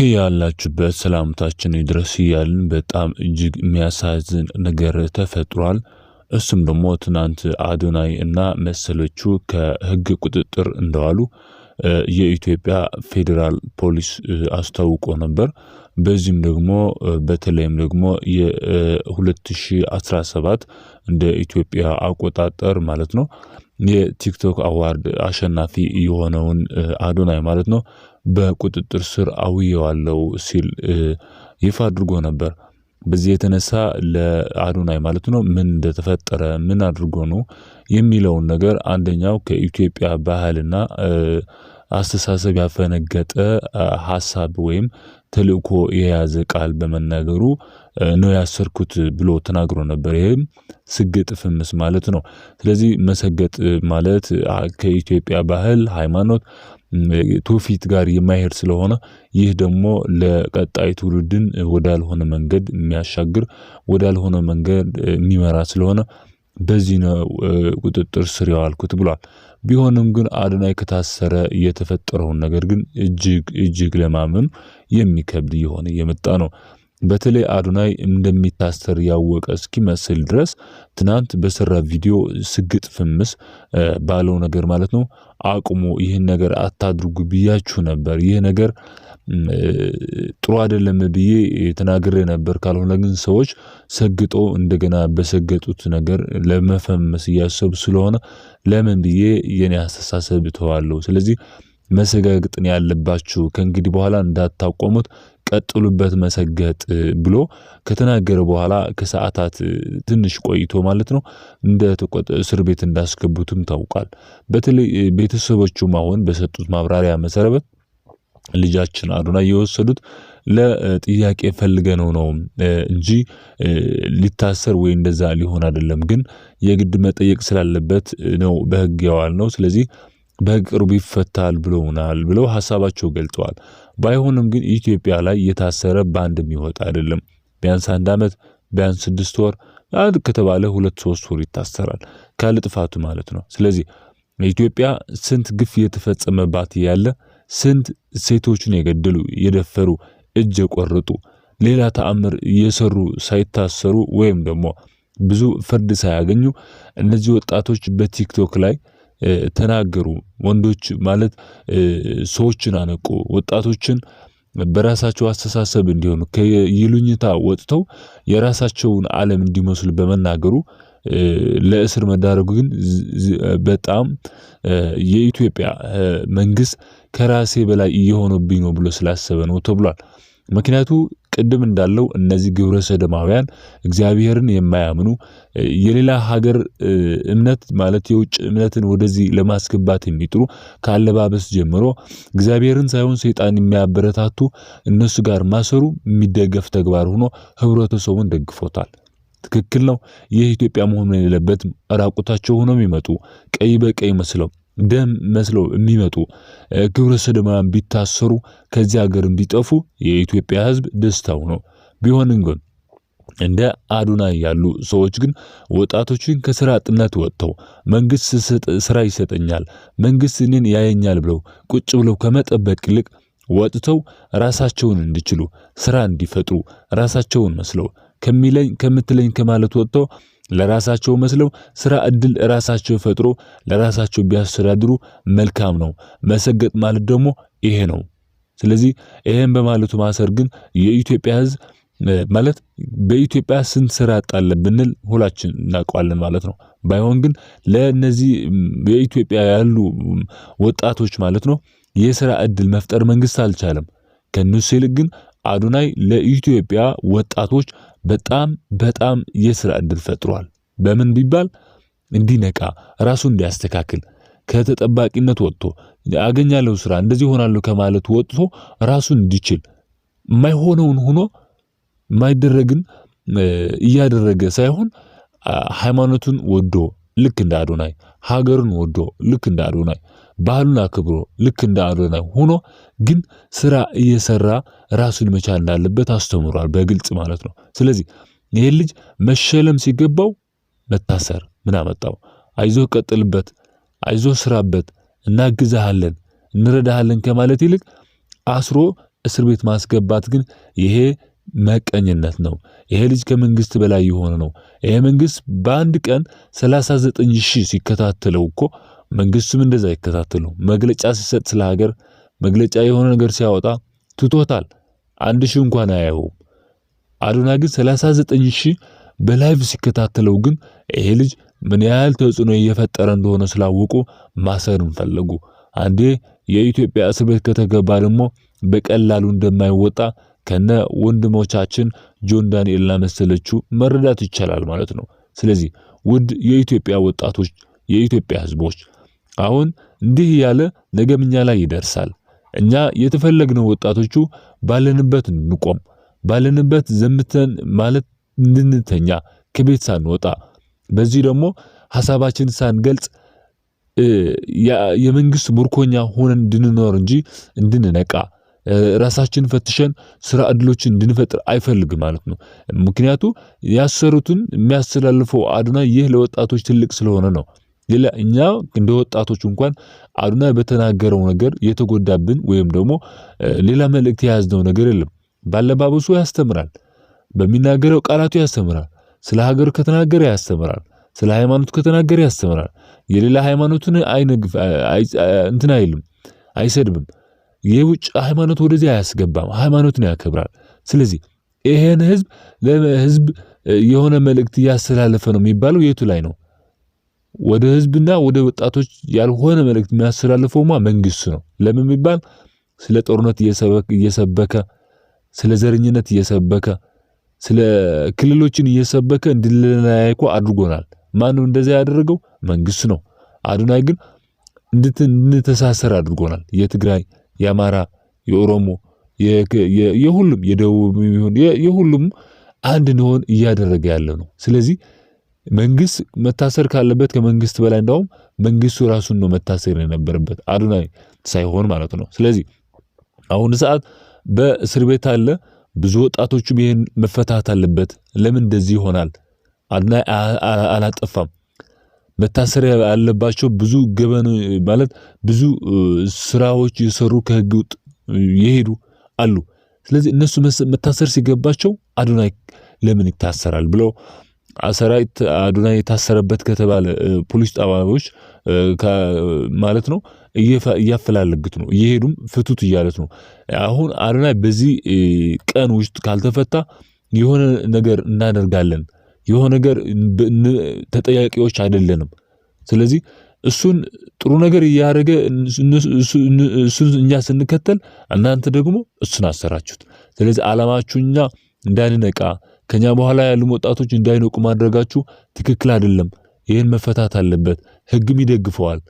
ከያላችሁበት ሰላምታችን ይድረስ እያልን በጣም እጅግ የሚያሳዝን ነገር ተፈጥሯል። እሱም ደግሞ ትናንት አዶናይ እና መሰሎቹ ከህግ ቁጥጥር እንደዋሉ የኢትዮጵያ ፌዴራል ፖሊስ አስታውቆ ነበር። በዚህም ደግሞ በተለይም ደግሞ የ2017 እንደ ኢትዮጵያ አቆጣጠር ማለት ነው የቲክቶክ አዋርድ አሸናፊ የሆነውን አዶናይ ማለት ነው በቁጥጥር ስር አውየዋለው ሲል ይፋ አድርጎ ነበር። በዚህ የተነሳ ለአዶናይ ማለት ነው ምን እንደተፈጠረ ምን አድርጎ ነው የሚለውን ነገር አንደኛው ከኢትዮጵያ ባህልና አስተሳሰብ ያፈነገጠ ሀሳብ ወይም ተልእኮ የያዘ ቃል በመናገሩ ነው ያሰርኩት ብሎ ተናግሮ ነበር። ይህም ስግጥ ፍምስ ማለት ነው። ስለዚህ መሰገጥ ማለት ከኢትዮጵያ ባህል፣ ሃይማኖት፣ ትውፊት ጋር የማይሄድ ስለሆነ ይህ ደግሞ ለቀጣይ ትውልድን ወዳልሆነ መንገድ የሚያሻግር ወዳልሆነ መንገድ የሚመራ ስለሆነ በዚህ ነው ቁጥጥር ስር ያዋልኩት ብሏል። ቢሆንም ግን አዶናይ ከታሰረ የተፈጠረውን ነገር ግን እጅግ እጅግ ለማመን የሚከብድ የሆነ የመጣ ነው። በተለይ አዶናይ እንደሚታሰር ያወቀ እስኪመስል ድረስ ትናንት በሰራ ቪዲዮ ስግጥ ፍምስ ባለው ነገር ማለት ነው አቁሞ ይህን ነገር አታድርጉ ብያችሁ ነበር፣ ይህ ነገር ጥሩ አይደለም ብዬ ተናግሬ ነበር። ካልሆነ ግን ሰዎች ሰግጦ እንደገና በሰገጡት ነገር ለመፈመስ እያሰቡ ስለሆነ ለምን ብዬ የኔ አስተሳሰብ ተዋለሁ። ስለዚህ መሰጋግጥን ያለባችሁ ከእንግዲህ በኋላ እንዳታቆሙት ቀጥሉበት መሰገጥ ብሎ ከተናገረ በኋላ ከሰዓታት ትንሽ ቆይቶ ማለት ነው እንደ እስር ቤት እንዳስገቡትም ታውቋል። በተለይ ቤተሰቦቹም አሁን በሰጡት ማብራሪያ መሰረበት ልጃችን አዱና እየወሰዱት ለጥያቄ ፈልገ ነው ነው እንጂ ሊታሰር ወይ እንደዛ ሊሆን አይደለም። ግን የግድ መጠየቅ ስላለበት ነው በህግ ያዋል ነው። ስለዚህ በቅርቡ ይፈታል ብሎናል ብለው ሀሳባቸው ገልጸዋል። ባይሆንም ግን ኢትዮጵያ ላይ የታሰረ በአንድ የሚወጣ አይደለም። ቢያንስ አንድ ዓመት፣ ቢያንስ ስድስት ወር፣ አንድ ከተባለ ሁለት ሶስት ወር ይታሰራል ካለ ጥፋቱ ማለት ነው። ስለዚህ ኢትዮጵያ ስንት ግፍ እየተፈጸመባት ያለ ስንት ሴቶችን የገደሉ የደፈሩ፣ እጅ የቆረጡ ሌላ ተአምር እየሰሩ ሳይታሰሩ ወይም ደግሞ ብዙ ፍርድ ሳያገኙ እነዚህ ወጣቶች በቲክቶክ ላይ ተናገሩ። ወንዶች ማለት ሰዎችን አነቁ። ወጣቶችን በራሳቸው አስተሳሰብ እንዲሆኑ ከይሉኝታ ወጥተው የራሳቸውን ዓለም እንዲመስሉ በመናገሩ ለእስር መዳረጉ ግን በጣም የኢትዮጵያ መንግስት ከራሴ በላይ እየሆነብኝ ነው ብሎ ስላሰበ ነው ተብሏል። ምክንያቱ ቅድም እንዳለው እነዚህ ግብረ ሰደማውያን እግዚአብሔርን የማያምኑ የሌላ ሀገር እምነት ማለት የውጭ እምነትን ወደዚህ ለማስገባት የሚጥሩ ከአለባበስ ጀምሮ እግዚአብሔርን ሳይሆን ሰይጣን የሚያበረታቱ እነሱ ጋር ማሰሩ የሚደገፍ ተግባር ሆኖ ህብረተሰቡን ደግፎታል። ትክክል ነው። ይህ ኢትዮጵያ መሆኑን የሌለበት ራቁታቸው ሆኖ የሚመጡ ቀይ በቀይ መስለው ደም መስለው የሚመጡ ግብረ ሰዶማውያን ቢታሰሩ ከዚህ ሀገር ቢጠፉ የኢትዮጵያ ሕዝብ ደስታው ነው። ቢሆንም ግን እንደ አዶናይ ያሉ ሰዎች ግን ወጣቶችን ከስራ አጥነት ወጥተው መንግስት ስራ ይሰጠኛል፣ መንግስት እኔን ያየኛል ብለው ቁጭ ብለው ከመጠበቅ ይልቅ ወጥተው ራሳቸውን እንዲችሉ ስራ እንዲፈጥሩ ራሳቸውን መስለው ከሚለኝ ከምትለኝ ከማለት ወጥተው ለራሳቸው መስለው ስራ እድል ራሳቸው ፈጥሮ ለራሳቸው ቢያስተዳድሩ መልካም ነው። መሰገጥ ማለት ደግሞ ይሄ ነው። ስለዚህ ይሄን በማለቱ ማሰር ግን የኢትዮጵያ ህዝብ ማለት በኢትዮጵያ ስንት ስራ አጣለን ብንል ሁላችን እናውቀዋለን ማለት ነው። ባይሆን ግን ለእነዚህ በኢትዮጵያ ያሉ ወጣቶች ማለት ነው የስራ እድል መፍጠር መንግስት አልቻለም። ከእነሱ ይልቅ ግን አዶናይ ለኢትዮጵያ ወጣቶች በጣም በጣም የስራ እድል ፈጥሯል። በምን ቢባል እንዲነቃ፣ ራሱን እንዲያስተካክል፣ ከተጠባቂነት ወጥቶ አገኛለሁ ስራ እንደዚህ ሆናለሁ ከማለት ወጥቶ ራሱን እንዲችል የማይሆነውን ሆኖ የማይደረግን እያደረገ ሳይሆን ሃይማኖቱን ወዶ ልክ እንደ አዶናይ ሀገሩን ወዶ ልክ እንደ አዶናይ ባህሉን አክብሮ ልክ እንደ አዶናይ ሆኖ ግን ስራ እየሰራ ራሱን መቻል እንዳለበት አስተምሯል፣ በግልጽ ማለት ነው። ስለዚህ ይህን ልጅ መሸለም ሲገባው መታሰር ምን አመጣው? አይዞ ቀጥልበት፣ አይዞ ስራበት፣ እናግዛሃለን፣ እንረዳሃለን ከማለት ይልቅ አስሮ እስር ቤት ማስገባት ግን ይሄ መቀኝነት ነው። ይሄ ልጅ ከመንግስት በላይ የሆነ ነው። ይሄ መንግስት በአንድ ቀን 39 ሺህ ሲከታተለው እኮ መንግስቱም እንደዛ ይከታተሉ። መግለጫ ሲሰጥ ስለ ሀገር መግለጫ የሆነ ነገር ሲያወጣ ትቶታል። አንድ ሺህ እንኳን አያየውም። አዶና ግን 39 ሺህ በላይቭ ሲከታተለው ግን ይሄ ልጅ ምን ያህል ተጽዕኖ እየፈጠረ እንደሆነ ስላወቁ ማሰርም ፈለጉ። አንዴ የኢትዮጵያ እስር ቤት ከተገባ ደግሞ በቀላሉ እንደማይወጣ ከነ ወንድሞቻችን ጆን ዳንኤል ላመሰለችው መረዳት ይቻላል ማለት ነው። ስለዚህ ውድ የኢትዮጵያ ወጣቶች፣ የኢትዮጵያ ህዝቦች አሁን እንዲህ ያለ ነገም እኛ ላይ ይደርሳል። እኛ የተፈለግነው ወጣቶቹ ባለንበት እንቆም፣ ባለንበት ዘምተን ማለት እንድንተኛ ከቤት ሳንወጣ በዚህ ደግሞ ሐሳባችን ሳንገልጽ የመንግስት ምርኮኛ ሆነን እንድንኖር እንጂ እንድንነቃ ራሳችን ፈትሸን ስራ እድሎችን እንድንፈጥር አይፈልግ ማለት ነው። ምክንያቱ ያሰሩትን የሚያስተላልፈው አዱና ይህ ለወጣቶች ትልቅ ስለሆነ ነው። ሌላ እኛ እንደ ወጣቶች እንኳን አዱና በተናገረው ነገር የተጎዳብን ወይም ደግሞ ሌላ መልእክት የያዝነው ነገር የለም። ባለባበሱ ያስተምራል፣ በሚናገረው ቃላቱ ያስተምራል፣ ስለ ሀገር ከተናገረ ያስተምራል፣ ስለ ሃይማኖት ከተናገረ ያስተምራል። የሌላ ሃይማኖትን አይነግፍ እንትን አይልም፣ አይሰድብም። የውጭ ሃይማኖት ወደዚህ አያስገባም። ሃይማኖትን ያከብራል። ስለዚህ ይሄን ህዝብ ለህዝብ የሆነ መልእክት እያስተላለፈ ነው የሚባለው የቱ ላይ ነው? ወደ ህዝብና ወደ ወጣቶች ያልሆነ መልእክት የሚያስተላልፈውማ መንግስቱ ነው። ለምን የሚባል ስለ ጦርነት እየሰበከ ስለ ዘረኝነት እየሰበከ ስለ ክልሎችን እየሰበከ እንድንለያይ እኮ አድርጎናል። ማንም እንደዚ ያደረገው መንግስት ነው። አዱናይ ግን እንድንተሳሰር አድርጎናል። የትግራይ የአማራ፣ የኦሮሞ፣ የሁሉም የደቡብ የሚሆን የሁሉም አንድ እንሆን እያደረገ ያለ ነው። ስለዚህ መንግስት መታሰር ካለበት ከመንግስት በላይ እንዳውም መንግስቱ ራሱን ነው መታሰር የነበረበት አዶናይ ሳይሆን ማለት ነው። ስለዚህ አሁን ሰዓት በእስር ቤት አለ። ብዙ ወጣቶችም ይህን መፈታት አለበት። ለምን እንደዚህ ይሆናል? አዶናይ አላጠፋም። መታሰር ያለባቸው ብዙ ገበን ማለት ብዙ ስራዎች የሰሩ ከህግ ውጥ የሄዱ አሉ። ስለዚህ እነሱ መታሰር ሲገባቸው አዶናይ ለምን ይታሰራል ብለው አሰራዊት አዶናይ የታሰረበት ከተባለ ፖሊስ ጣቢያዎች ማለት ነው እያፈላለግት ነው እየሄዱም ፍቱት እያለት ነው። አሁን አዶናይ በዚህ ቀን ውስጥ ካልተፈታ የሆነ ነገር እናደርጋለን የሆነ ነገር ተጠያቂዎች አይደለንም። ስለዚህ እሱን ጥሩ ነገር እያደረገ እሱን እኛ ስንከተል እናንተ ደግሞ እሱን አሰራችሁት። ስለዚህ ዓላማችሁ እኛ እንዳንነቃ ከኛ በኋላ ያሉ ወጣቶች እንዳይነቁ ማድረጋችሁ ትክክል አይደለም። ይህን መፈታት አለበት። ህግም ይደግፈዋል።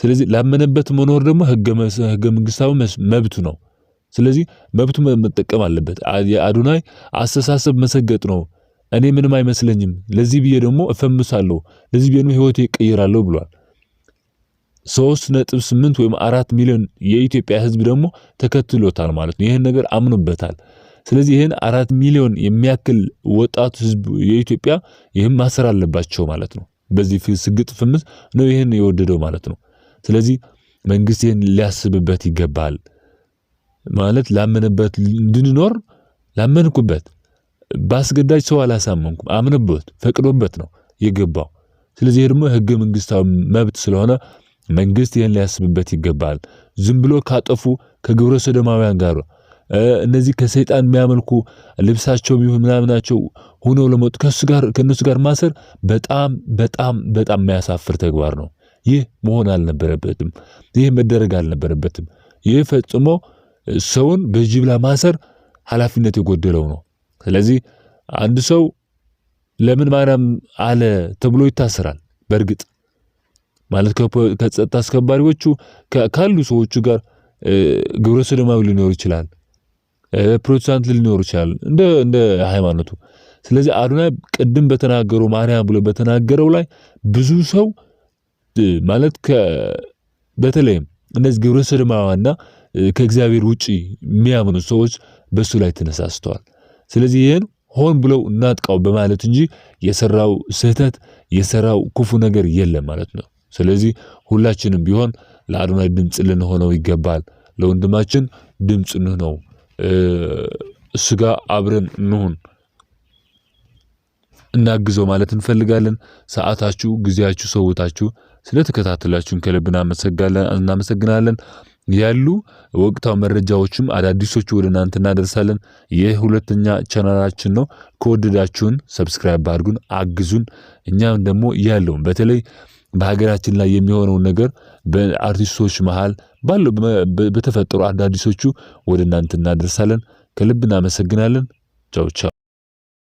ስለዚህ ላመነበት መኖር ደግሞ ህገ መንግስታዊ መብቱ ነው። ስለዚህ መብቱ መጠቀም አለበት። የአዶናይ አስተሳሰብ መሰገጥ ነው። እኔ ምንም አይመስለኝም፣ ለዚህ ብዬ ደግሞ እፈምሳለሁ፣ ለዚህ ብዬ ደግሞ ህይወቴ ይቀይራለሁ ብሏል። ሶስት ነጥብ ስምንት ወይም አራት ሚሊዮን የኢትዮጵያ ህዝብ ደግሞ ተከትሎታል ማለት ነው። ይህን ነገር አምኖበታል። ስለዚህ ይህን አራት ሚሊዮን የሚያክል ወጣቱ ህዝብ የኢትዮጵያ ይህም ማሰር አለባቸው ማለት ነው። በዚህ ስግጥ ፍምስ ነው ይህን የወደደው ማለት ነው። ስለዚህ መንግስት ይህን ሊያስብበት ይገባል። ማለት ላመነበት እንድንኖር ላመንኩበት በአስገዳጅ ሰው አላሳመንኩም። አምንበት ፈቅዶበት ነው የገባው። ስለዚህ ደግሞ ህገ መንግስታዊ መብት ስለሆነ መንግስት ይህን ሊያስብበት ይገባል። ዝም ብሎ ካጠፉ ከግብረ ሰዶማውያን ጋር እነዚህ ከሰይጣን የሚያመልኩ ልብሳቸው ምናምናቸው ሆኖ ለመጡ ከእነሱ ጋር ማሰር በጣም በጣም በጣም የሚያሳፍር ተግባር ነው። ይህ መሆን አልነበረበትም። ይህ መደረግ አልነበረበትም። ይህ ፈጽሞ ሰውን በጅምላ ማሰር ኃላፊነት የጎደለው ነው። ስለዚህ አንድ ሰው ለምን ማርያም አለ ተብሎ ይታሰራል። በእርግጥ ማለት ከጸጥታ አስከባሪዎቹ ካሉ ሰዎቹ ጋር ግብረ ሰዶማዊ ሊኖር ይችላል፣ ፕሮቴስታንት ሊኖር ይችላል፣ እንደ እንደ ሃይማኖቱ። ስለዚህ አዶናይ ቅድም በተናገረው ማርያም ብሎ በተናገረው ላይ ብዙ ሰው ማለት በተለይም እነዚህ ግብረ ሰዶማውያንና ከእግዚአብሔር ውጪ የሚያምኑ ሰዎች በእሱ ላይ ተነሳስተዋል። ስለዚህ ይህን ሆን ብለው እናጥቃው በማለት እንጂ የሰራው ስህተት የሰራው ክፉ ነገር የለም ማለት ነው። ስለዚህ ሁላችንም ቢሆን ለአዶናይ ድምፅ ልንሆነው ይገባል። ለወንድማችን ድምፅ እንሁነው። እሱ ጋር አብረን እንሁን፣ እናግዘው ማለት እንፈልጋለን። ሰዓታችሁ፣ ጊዜያችሁ፣ ሰውታችሁ ስለተከታተላችሁን ከልብ እናመሰግናለን። ያሉ ወቅታዊ መረጃዎችም አዳዲሶቹ ወደ እናንተ እናደርሳለን። ይህ ሁለተኛ ቻናላችን ነው። ከወደዳችሁን ሰብስክራይብ አድርጉን፣ አግዙን። እኛም ደግሞ ያለውን በተለይ በሀገራችን ላይ የሚሆነውን ነገር በአርቲስቶች መሃል ባለው በተፈጠሩ አዳዲሶቹ ወደ እናንተ እናደርሳለን። ከልብ እናመሰግናለን። ቻው ቻው።